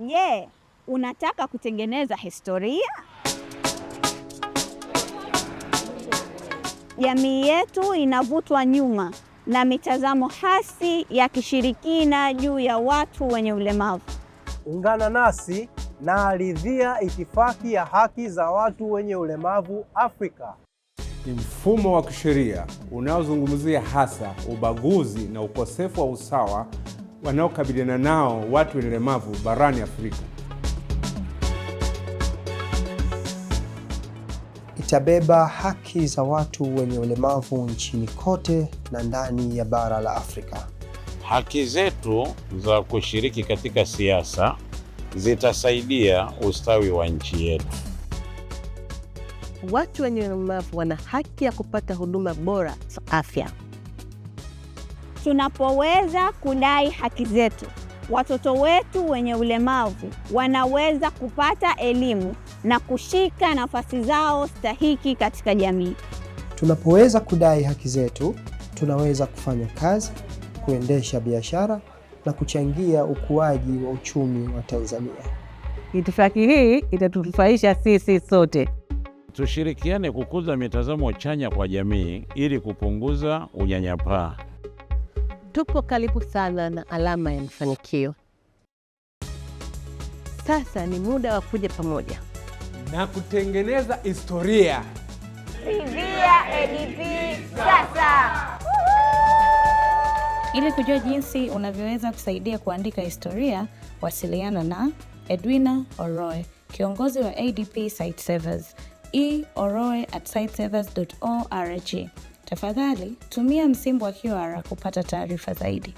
Je, yeah, unataka kutengeneza historia? Jamii yetu inavutwa nyuma na mitazamo hasi ya kishirikina juu ya watu wenye ulemavu. Ungana nasi na aridhia itifaki ya haki za watu wenye ulemavu Afrika. Ni mfumo wa kisheria unaozungumzia hasa ubaguzi na ukosefu wa usawa wanaokabiliana nao watu wenye ulemavu barani Afrika. Itabeba haki za watu wenye ulemavu nchini kote na ndani ya bara la Afrika. Haki zetu za kushiriki katika siasa zitasaidia ustawi wa nchi yetu. Watu wenye ulemavu wana haki ya kupata huduma bora za afya tunapoweza kudai haki zetu, watoto wetu wenye ulemavu wanaweza kupata elimu na kushika nafasi zao stahiki katika jamii. Tunapoweza kudai haki zetu, tunaweza kufanya kazi, kuendesha biashara na kuchangia ukuaji wa uchumi wa Tanzania. Itifaki hii itatunufaisha sisi sote. Tushirikiane kukuza mitazamo chanya kwa jamii ili kupunguza unyanyapaa. Tupo karibu sana na alama ya mafanikio. Sasa ni muda wa kuja pamoja na kutengeneza historia. Sivia EDP sasa. Ili kujua jinsi unavyoweza kusaidia kuandika historia, wasiliana na Edwina Oroe, kiongozi wa ADP Site Servers, eoroe@sitesavers.org. Tafadhali tumia msimbo wa QR kupata taarifa zaidi.